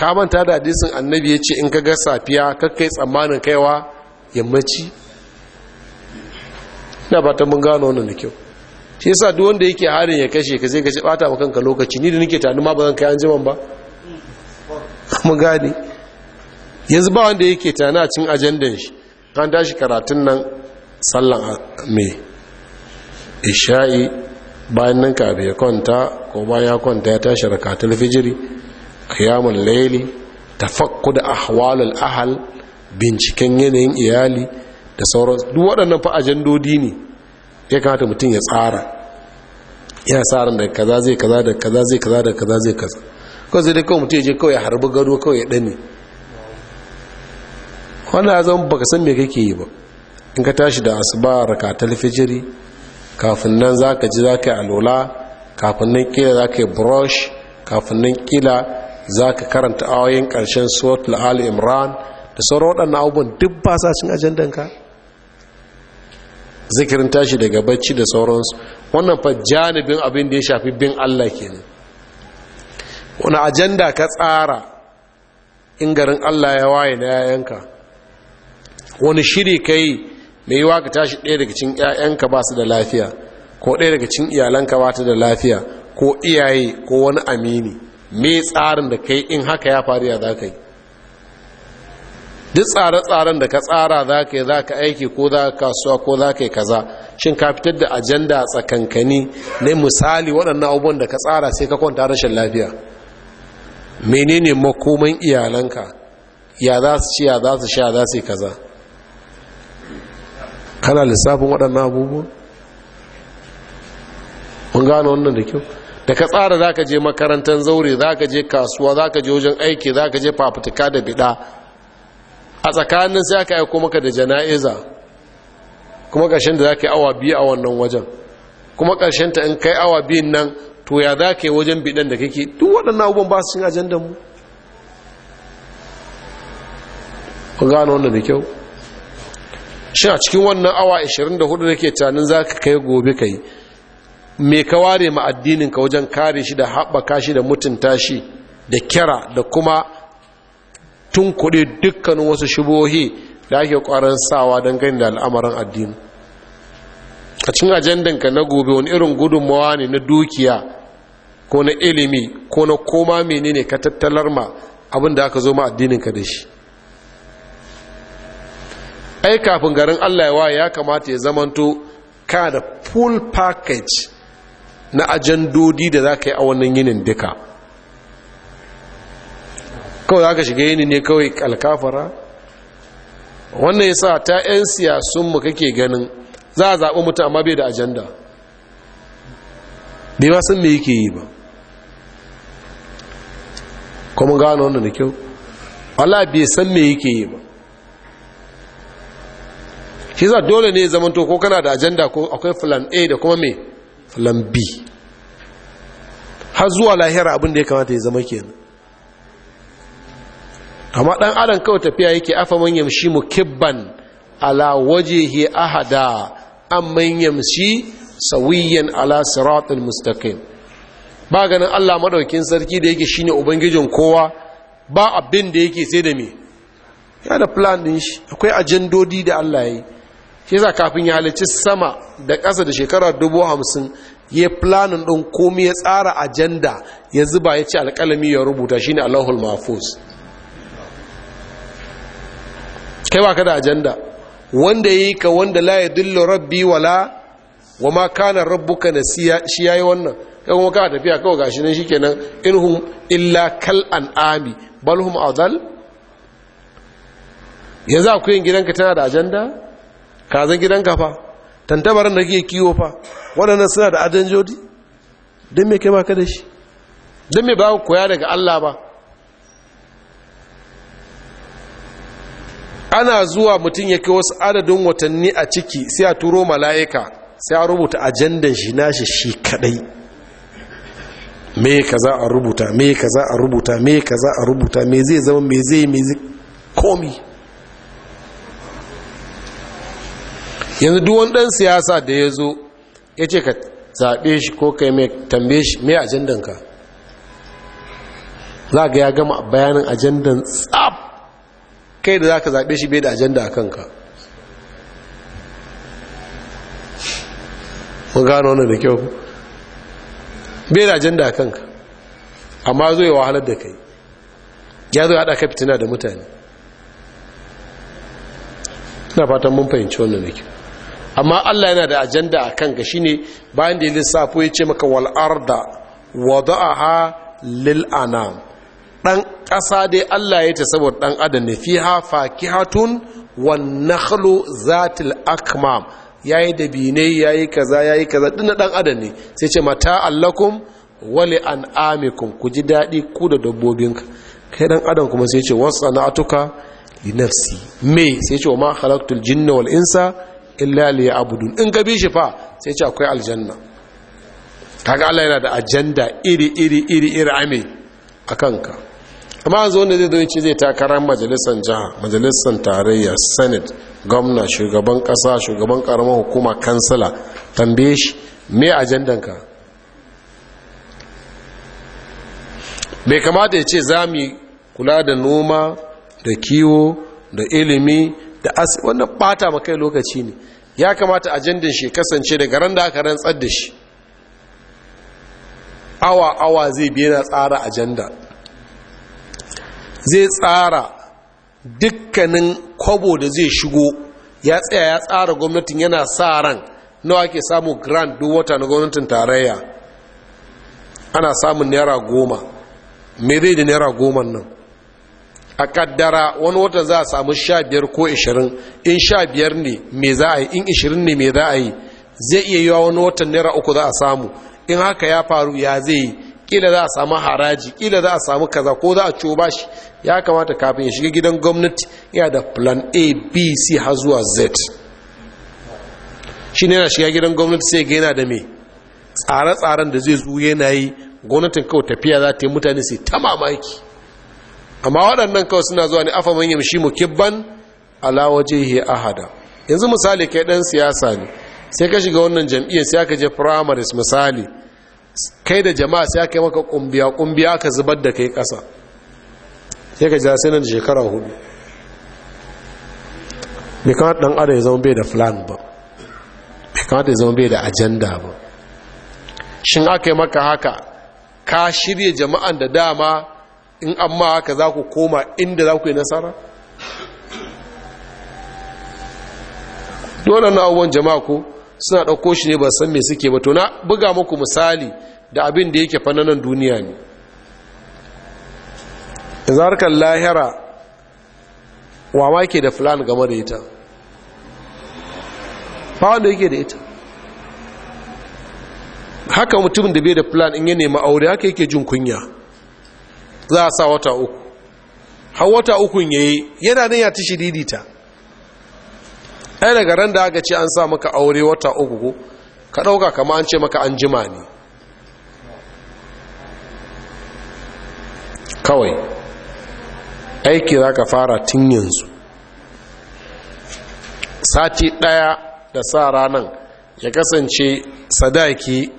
kamanta da hadisin annabi ya ce in ka ga safiya kakai tsammanin kaiwa yammaci na ba ta mun gano wannan da kyau shi yasa duk wanda yake harin ya kashe ka zai ka bata maka kanka lokaci ni da nake tani ma ba zan kai an jiman ba mu gane yanzu ba wanda yake tani a cin ajandan shi an tashi karatun nan sallan me isha'i bayan nan ka biya kwanta ko baya kwanta ya tashi rakatul fijiri qiyamul layli tafakkud ahwalul ahal binciken yanayin iyali da sauran duk waɗannan fa ajandodi ne ya kamata mutum ya tsara ya tsara da kaza zai kaza da kaza zai kaza da kaza zai kaza kawai zai dai kawai mutum ya je kawai ya harbi gado kawai ya ɗani. wanda ya zama baka san me kake yi ba in ka tashi da asuba rakatul fijiri kafin nan za ka ji za ka yi alola kafin nan kila za ka yi brush kafin nan kila za ka karanta ayoyin ƙarshen suwatul al-imran da sauran waɗannan abubuwan duk ba sa cin ka. zikirin tashi daga bacci da sauransu wannan fa janibin abin da ya shafi bin allah kenan wani ajanda ka tsara in garin allah ya waye na yayanka wani shiri ka yi mai yiwa ka tashi ɗaya daga cikin 'ya'yanka ba su da lafiya ko ɗaya daga cikin iyalanka ba ta da lafiya ko iyaye ko wani amini me tsarin da kai in haka ya faru ya za ka yi duk tsare-tsaren da ka tsara za ka yi za ka aiki ko za ka kasuwa ko za ka yi kaza shin ka fitar da ajanda tsakankani na misali waɗannan abubuwan da ka tsara sai ka kwanta rashin lafiya menene makoman iyalanka ya za su ci ya za su sha za su yi kaza kana lissafin waɗannan abubuwan mun gano wannan da kyau da ka tsara za ka je makarantar zaure za ka je kasuwa za ka je wajen aiki za ka je fafutuka da bida a tsakanin sai aka aiko maka da jana'iza kuma ƙarshen da za ka yi awa biyu a wannan wajen kuma ƙarshen ta in kai awa biyun nan to ya za ka yi wajen bidan da kake duk waɗannan abubuwan ba su cin ajandar mu ku gano wannan da kyau shi a cikin wannan awa 24 da ke canin za ka kai gobe kai me mai ka ware ma addininka wajen kare shi da haɓaka shi da mutunta shi da kera da kuma tun kuɗi dukkan wasu shubohi da ake ƙwarar sawa don gani da al'amarin addini a cikin ajandanka na gobe wani irin gudunmawa ne na dukiya ko na ilimi ko na koma menene ka tattalar ma abin da aka zo ma addininka da shi kai kafin garin Allah ya waye ya kamata ya zamanto ka da full package na ajandodi da za ka yi a wannan yinin duka kawai za ka shiga yini ne kawai alkafara wannan ya sa ta 'yan siyasunmu kake ganin za a zaɓi mutu amma bai da ajanda bai ba sun me yake yi ba kuma gano wannan da kyau Allah bai san me yake yi ba shi za dole ne zaman to ko kana da ajanda ko akwai filan a da kuma me filan b har zuwa lahira abin da ya kamata ya zama kenan amma ɗan adam kawai tafiya yake afa shi mu kibban ala wajhihi ahada amman yamshi sawiyan ala siratal mustaqim ba ganin Allah madaukin sarki da yake shine ubangijin kowa ba abin da yake sai da me ya da plan din shi akwai ajandodi da Allah ya yi shi za kafin ya halici sama da ƙasa da shekara dubu hamsin ya planin ɗin komi ya tsara ajanda ya zuba ya ce alƙalami ya rubuta shi ne allahul mafus kai ba ka da ajanda wanda ya yi ka wanda la ya dillo rabbi wala wa ma kana rabbuka na shi ya yi wannan kai kuma ka tafiya kawai gashi nan shikenan inhum illa kal an'ami balhum adal yanzu akwai gidanka tana da ajanda kazan gidanka fa tantabaran da kake kiwo fa waɗannan suna da adan jodi don me kai ba da shi don me ba koya daga Allah ba ana zuwa mutum ya kai wasu adadin watanni a ciki sai a turo mala'ika sai a rubuta ajandan shi nashi shi kadai me za a rubuta me za a rubuta me za a rubuta me zai zama me zai me zai komi yanzu duwan ɗan siyasa da ya zo ya ce ka zaɓe shi ko kai mai tambe shi mai ajandanka za ga ya gama bayanin ajandan tsab kai da za ka zaɓe shi bai da ajanda a kanka mun gano wani da kyau bai da ajanda a kanka amma zo yi wahalar da kai ya zo ya haɗa kafitina da mutane ina fatan mun fahimci wannan da kyau amma Allah yana da ajanda a kan kanka ne bayan da ya lissafo ya ce maka wal'arda wadu wada'aha ha anam dan ƙasa dai Allah ya ta saboda ɗan adam ne fiha fakihatun wan nakhlu zatil akmam yayi da bine yayi kaza yayi kaza din dan adam ne sai ce mata allakum wali an'amikum ku ji daɗi ku da dabbobinka kai dan adam kuma sai ce wasana'atuka li nafsi me sai ce wa ma halaktul jinna wal insa illa li abudu in ka bi shi fa sai ce akwai aljanna kaga Allah yana da ajanda iri iri iri iri ame akan ka amma yanzu wanda zai zo ce zai takarar majalisar jiha majalisar tarayya senate gwamna shugaban kasa shugaban karamar hukuma kansila tambaye shi me ajandan ka bai kamata ya ce za mu kula da noma da kiwo da ilimi da as wannan bata ma kai lokaci ne ya kamata ajandar shi kasance daga ran da aka rantsar da shi awa awa zai biya na tsara ajanda zai tsara dukkanin kwabo da zai shigo ya tsaya ya tsara gwamnatin yana sa ran nawa ke samun grand duk wata na gwamnatin tarayya ana samun naira goma me da naira goma nan a kaddara wani wata za a samu sha biyar ko ishirin in sha biyar ne me za a yi in ishirin ne me za a yi zai iya yiwa wani watan naira uku za a samu in haka ya faru ya zai yi kila za a samu haraji kila za a samu kaza ko za a ciwo shi ya kamata kafin ya shiga gidan gwamnati yana da plan a b c har zuwa z shi ne yana shiga gidan gwamnati sai ga yana da mai tsare-tsaren da zai zo yana yi gwamnatin kawai tafiya za ta yi mutane sai ta mamaki amma waɗannan kawai suna zuwa ne afa man mu kibban. ala wajhihi ahada yanzu misali kai ɗan siyasa ne sai ka shiga wannan jam'iyyar sai aka je primaries misali kai da jama'a sai aka yi maka ƙumbiya ƙumbiya ka zubar da kai ƙasa sai ka jira sai nan shekara hudu bai kamata dan ada ya zama bai da plan ba bai kamata ya zama bai da ajanda ba shin aka yi maka haka ka shirya jama'an da dama in amma haka za ku koma inda za ku yi nasara dole na abubuwan jama'a ko suna ɗauko shi ne ba san me suke ba to na buga muku misali da abin da yake fananan duniya ne yanzu harkar lahira wa ma ke da fulani game da ita ba wanda yake da ita haka mutum da bai da fulani in ya nemi aure haka yake jin kunya za a sa wata uku har wata ukun yayi yana nan ya ci shiririta Ɗaya daga ran da aka ce an sa maka aure wata uku ko ka ɗauka kama an ce maka an jima ne kawai aiki za ka fara tun yanzu sati ɗaya da sa ranar ya kasance sadaki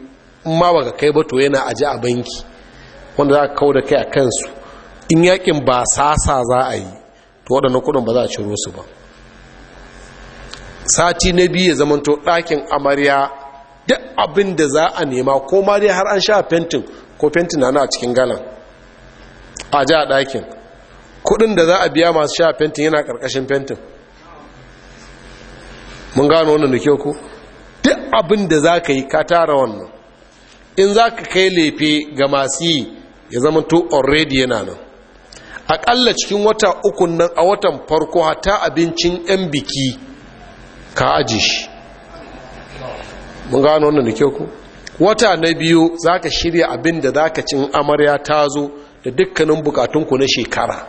ma baka kai ba to yana aji a banki wanda za a kawo da kai a kansu in yakin ba sasa za a yi to waɗannan kudin ba za a ciro su ba sati na biyu ya zamanto ɗakin amarya duk abin da za a nema ko ma dai har an sha fentin ko fentin na a cikin galan a ja ɗakin kudin da za a biya masu sha fentin yana ƙarƙashin fentin mun gano wannan da kyau ku duk abin da za ka yi ka tara wannan in za ka kai lefe ga masu yi ya zama to already yana nan aƙalla cikin wata uku nan a watan farko hata abincin 'yan biki ka aji shi mun gano wannan da ke ku wata na biyu za ka shirya abin da za ka cin amarya ta zo da dukkanin bukatun ku na shekara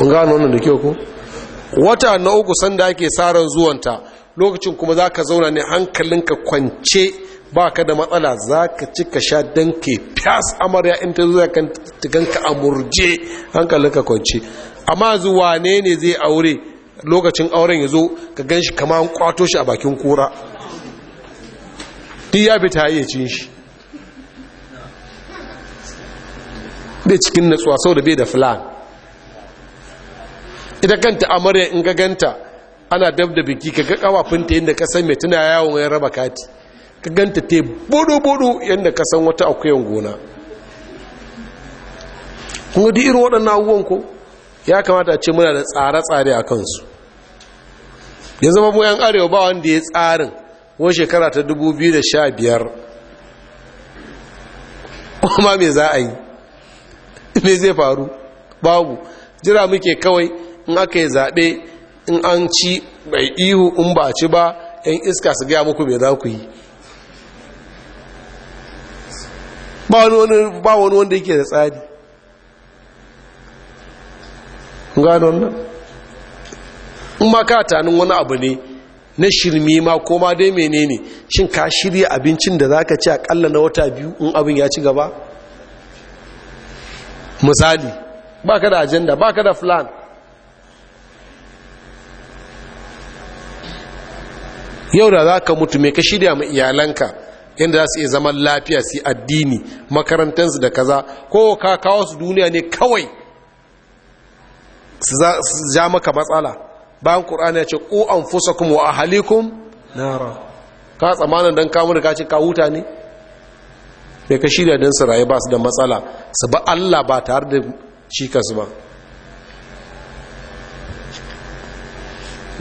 mun gano wannan da ke ku wata na uku sanda ake sarar zuwanta lokacin kuma za ka zauna ne hankalinka kwance ba ka da matsala za ka ci ka sha don fiyas amarya in ta zuwa kan ka a murje ka kwanci amma zuwa ne ne zai aure lokacin auren ya zo ka gan shi kama an kwato shi a bakin kura duk ya fita ya cin shi bai cikin natsuwa sau da bai da filan ita kanta amarya in ga ganta ana dab da biki ka ga kawafinta yadda ka san mai tuna yawon ya raba kati ka ganta te bodo-bodo yadda ka san wata akuyan gona kuma di irin waɗannan abubuwan ko ya kamata ce muna da tsare-tsare a kansu ya zama mu 'yan arewa ba wanda ya tsarin wani shekara ta 2015 kuma me za a yi me zai faru babu jira muke kawai in aka yi zaɓe in an ci bai ihu in ba ci ba 'yan iska su gaya muku me za ku yi ba wani wanda yake da tsari gano wannan in ma ka tanin wani abu ne na shirme ma ko ma dai menene shin ka shirya abincin da zaka ci akalla na wata biyu in abin ya ci gaba misali baka da ajanda baka da plan yau da zaka mutu me ka shirya ma iyalanka Inda za su iya zaman lafiya su addini makarantarsu da kaza ko ka kawo su duniya ne kawai su ja maka matsala bayan ƙur'ani ya ce ku an fusa kuma wa ahalikum nara ka tsamanin don kamun da kacin ka huta ne da ka shirya don su rayu ba su da matsala su ba allah ba tare da cikas ba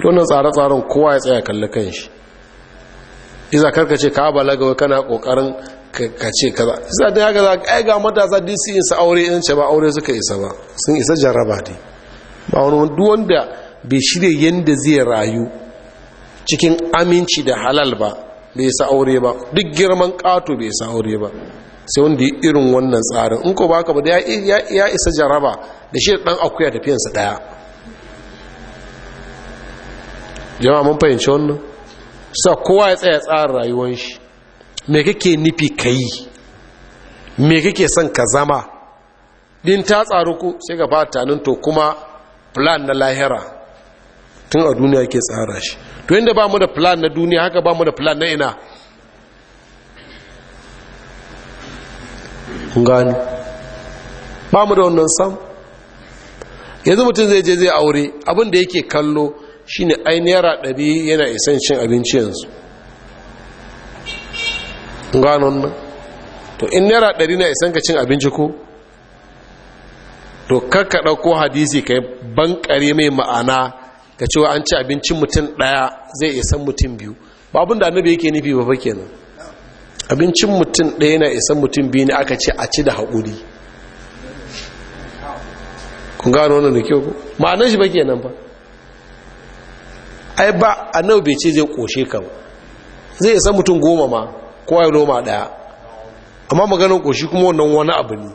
donan tsare-tsaren kowa ya tsaya kalli kan shi iza karka ce ka balaga kana kokarin ka ce kaza isa da haka za ga matasa dc in sa aure in ce ba aure suka isa ba sun isa jarraba ne ba wani duk wanda bai shirya yanda zai rayu cikin aminci da halal ba bai isa aure ba duk girman kato bai isa aure ba sai wanda ya irin wannan tsarin in ko ba ka ba da ya isa jaraba da shi dan akuya tafiyansa daya jama'a mun fahimci wannan sa kowa ya tsaya tsarin rayuwar shi me kake nufi ka yi me kake son ka zama din ta tsaru ku sai ga fatanin to kuma plan na lahira tun a duniya ke tsara shi to inda ba mu da plan na duniya haka ba mu da plan na ina gani ba mu da wannan sam yanzu mutum zai je zai aure abinda yake kallo shi ne ai naira ɗari yana isan cin abinci yanzu ganon nan to in naira ɗari na isan ka cin abinci ko to kakkaɗa ɗauko hadisi ka yi bankare mai ma'ana ka cewa an ci abincin mutum ɗaya zai isan mutum biyu ba abin da annabi yake nufi ba fake nan abincin mutum ɗaya na isan mutum biyu ne aka ce a ci da haƙuri kun gano wannan da kyau ko ma'anar shi ba kenan ba ai ba a nau bai ce zai koshe ka ba zai san mutum goma ma kowa ya noma daya amma maganar koshi kuma wannan wani abu ne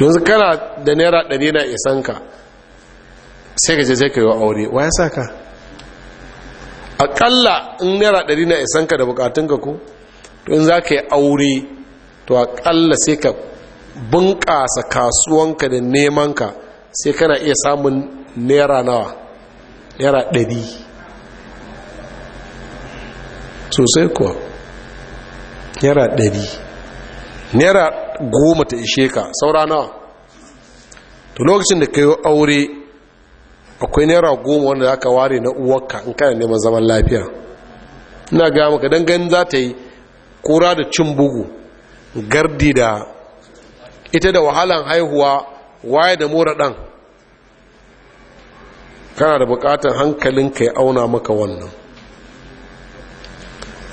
yanzu kana da naira ɗari na isan ka sai ka je sai ka yi wa aure wa ya sa ka aƙalla in naira ɗari na isan ka da bukatunka ko to in za ka yi aure to aƙalla sai ka bunƙasa kasuwanka da nemanka sai kana iya samun naira nawa naira ɗari sosai kuwa naira ɗari naira goma ta ishe ka saura nawa to lokacin da ka yi aure akwai naira goma wanda aka ware na Uwaka in kana neman zaman lafiya ina ga maka don ganin za ta yi kura da cin bugu gardi da ita da wahalan haihuwa waye da mora ɗan kana da bukatar hankalinka ya auna maka wannan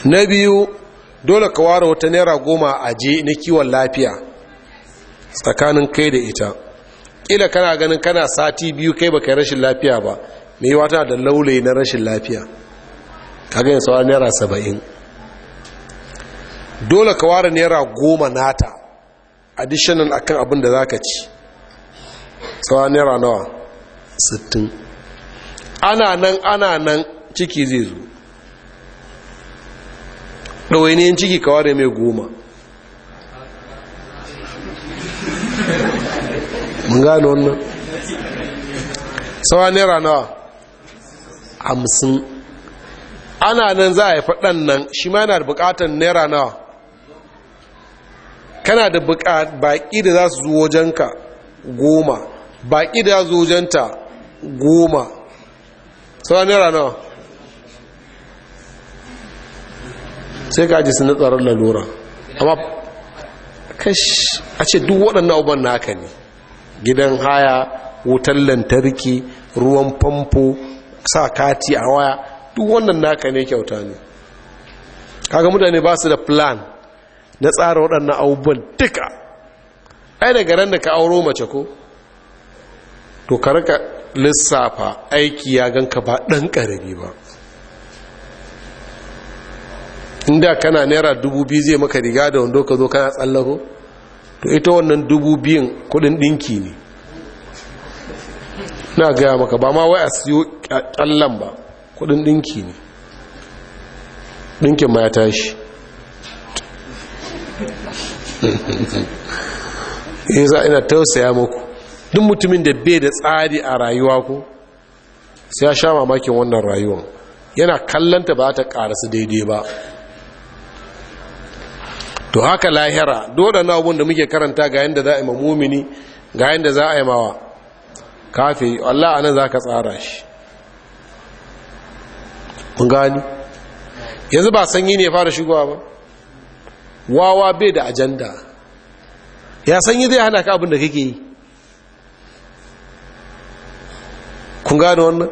na biyu dole ka ware wata naira goma a je na kiwon lafiya tsakanin kai da ita ƙila kana ganin kana sati biyu kai baka rashin lafiya ba mai yi wata da laulayi na rashin lafiya Ka gani sauran naira saba'in dole ka ware naira goma nata additional akan abin da za ka ci sauran naira nawa sittin ana nan ana nan ciki zai zo ne ciki kawo da mai goma mun gano wannan sawa naira nawa hamsin ana nan za a yi faɗan nan shi ma yana da buƙatar naira nawa kana da baƙi da za su zo wajenka goma baƙi da za su zo wajenta goma sauran naira nawa sai ka ji su na tsaron lalura amma a ce duk waɗannan abubuwan naka ne gidan haya wutar lantarki ruwan famfo sa kati a waya duk wannan na naka ne kyauta ne kaga mutane ba su da plan na tsara waɗannan abubuwan duka ai daga ran da ka auro mace ko to ka lissafa aiki ya ganka ba ɗan ƙarami ba inda kana naira dubu biyu zai maka riga da wando ka zo kana tsallako to ita wannan dubu biyun kudin ɗinki ne na gaya maka ba ma wai a siyo ƙallon ba kudin ɗinki ne ɗinkin ma ya tashi yi za ina tausaya muku duk mutumin da bai da tsari a rayuwa ku sai ya sha mamakin wannan rayuwan yana kallanta ba ta karasu daidai ba to haka lahira dole na abun da muke karanta ga yadda za a yi ma mumini ga yadda za a yi mawa kafe Allah a nan za ka tsara shi mun gani yanzu ba sanyi ne fara shigowa ba wawa bai da ajanda ya sanyi zai hana ka abin da kake yi kun gano wannan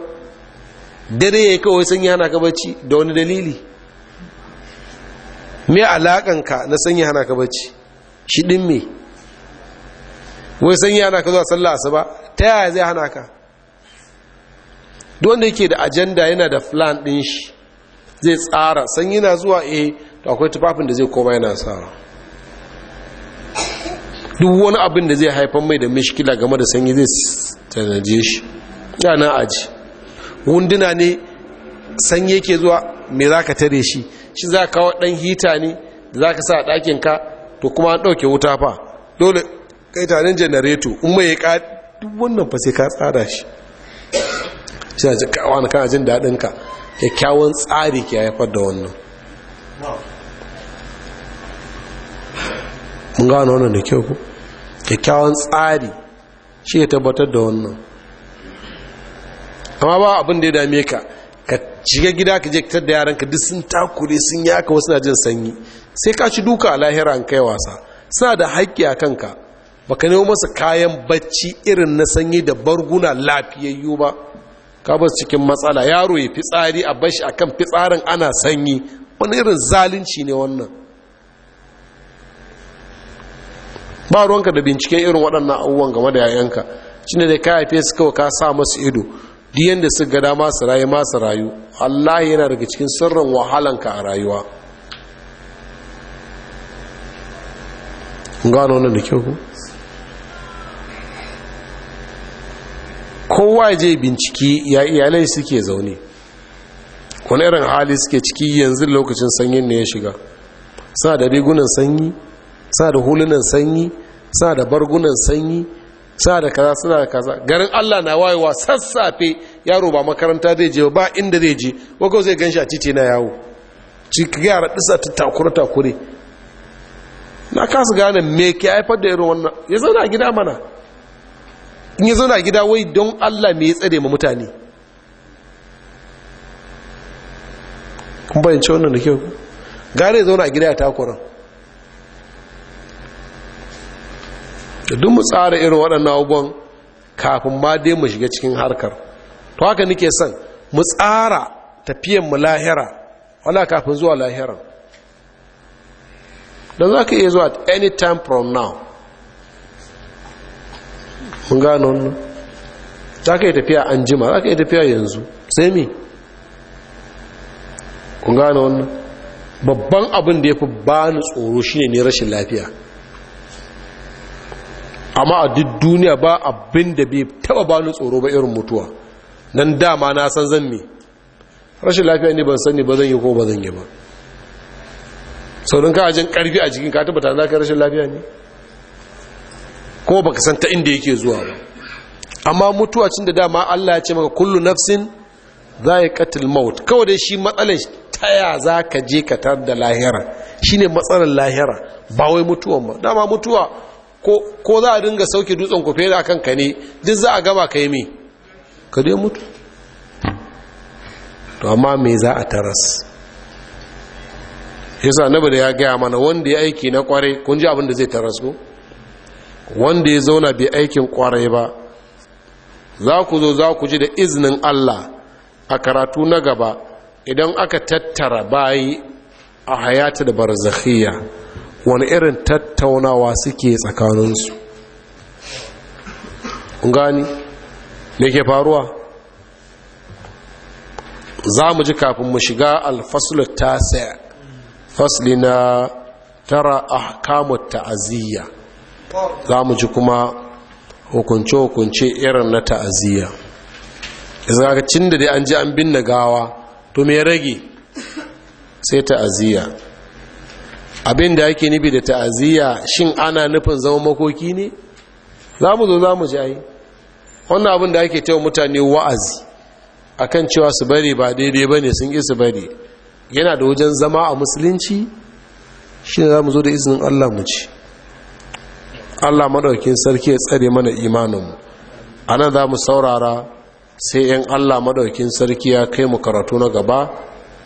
dare ya yi kawai sun hana ka bacci da wani dalili me alaƙanka na sanya hana ka bacci shi ɗin mai wai sanya hana ka zuwa sallah asuba ta yaya zai hana ka da yake da ajanda yana da plan ɗin shi zai tsara sanyi na zuwa a eh, to akwai tufafin da zai koma yana sawa duk wani abin da zai haifan mai da mishkila game da sanyi zai tanaje shi yana aji wunduna ne sanye ke zuwa me za ka tare shi shi za ka kawo ɗan hita ne da za ka sa a ɗakinka to kuma an ɗauke wuta fa dole kai tanin janareto in mai ya duk wannan fa sai ka tsara shi shi na jikawa na kana jin daɗinka kyakkyawan tsari ke haifar da wannan mun gano wannan da kyau ku kyakkyawan tsari shi ya tabbatar da wannan amma ba abin da ya dame ka ka shiga gida ka je ka yaran ka duk sun takure sun yi aka wasu na jin sanyi sai ka ci duka a lahira an kai wasa suna da haƙƙi a kanka baka nemo masa kayan bacci irin na sanyi da barguna lafiyayyu ba ka bar cikin matsala yaro ya fitsari a bashi akan fitsarin ana sanyi wani irin zalunci ne wannan ba ruwanka da binciken irin waɗannan abubuwan game da yayanka shine da ka haife su kawai ka sa masu ido duk yadda su gada masu rayu masu rayu Allah yana daga cikin sirrin wahalanka a rayuwa gano nan da kyau kowa je binciki ya iyalai suke zaune wani irin hali suke ciki yanzu lokacin sanyin ne ya shiga sa da rigunan sanyi sa da hulunan sanyi sa da bargunan sanyi sa da kaza suna da kaza garin Allah na wayewa sassafe yaro ba makaranta zai je ba inda zai je wako zai ganshi a titi na yawo ciki yara disa ta takure takure na kasa gane me ke haifar da irin wannan ya zauna a gida mana in ya zauna a gida wai don Allah me ya tsare mu mutane kun bayyance wannan da kyau gane zauna a gida ya takuran da duk mu tsara irin waɗannan abubuwan kafin ma dai mu shiga cikin harkar to haka nake son mu tsara tafiyan mu lahira wala kafin zuwa lahiran don za ka iya zuwa at any time from now mun gano wannan za ka yi tafiya an jima za ka yi tafiya yanzu sai mi kun gano wannan babban abin da ya fi ba ni tsoro shine ne rashin lafiya amma a duk duniya ba abin da bai taba ba ni tsoro ba irin mutuwa nan dama na san zan me rashin lafiya ne ban sani ba zan yi ko ba zan yi ba saurin kajin karfi a jikin ka tabbata za ka rashin lafiya ne ko ba ka san ta inda yake zuwa ba amma mutuwa cin da dama Allah ya ce maka kullu nafsin za ya katil maut kawai dai shi matsalar taya za ka je ka tar da lahira ne matsalar lahira ba wai mutuwan ba dama mutuwa ko za a dinga sauke dutsen ku fere akan ne duk za a gaba ka yi ka dai mutu to amma me za a taras yasa na da ya gaya mana wanda ya aiki na kware kun ji abin zai taras ko wanda ya zauna bai aikin kwarai ba za ku zo za ku ji da iznin Allah a karatu na gaba idan aka tattara bayi a hayata da barzakhiyya wani irin tattaunawa suke tsakaninsu gani ne ke faruwa za mu ji kafin mu shiga alfaslu tasa fasli na tara a kamar ta'aziyya za mu ji kuma hukunce-hukunce irin na ta'aziyya izagacin da dai an ji an binne gawa to me rage sai ta'aziyya abin da ake nufi da ta'aziyya shin ana nufin zama makoki ne za mu zo za mu ji ai wannan abin da ake wa mutane wa'azi akan cewa su bari ba daidai ba ne sun ƙi su bari yana da wajen zama a musulunci shi za mu zo da izinin allah mu ci allah maɗaukin sarki ya tsare mana imaninmu a nan za mu saurara sai 'yan allah maɗaukin sarki ya kai mu karatu na gaba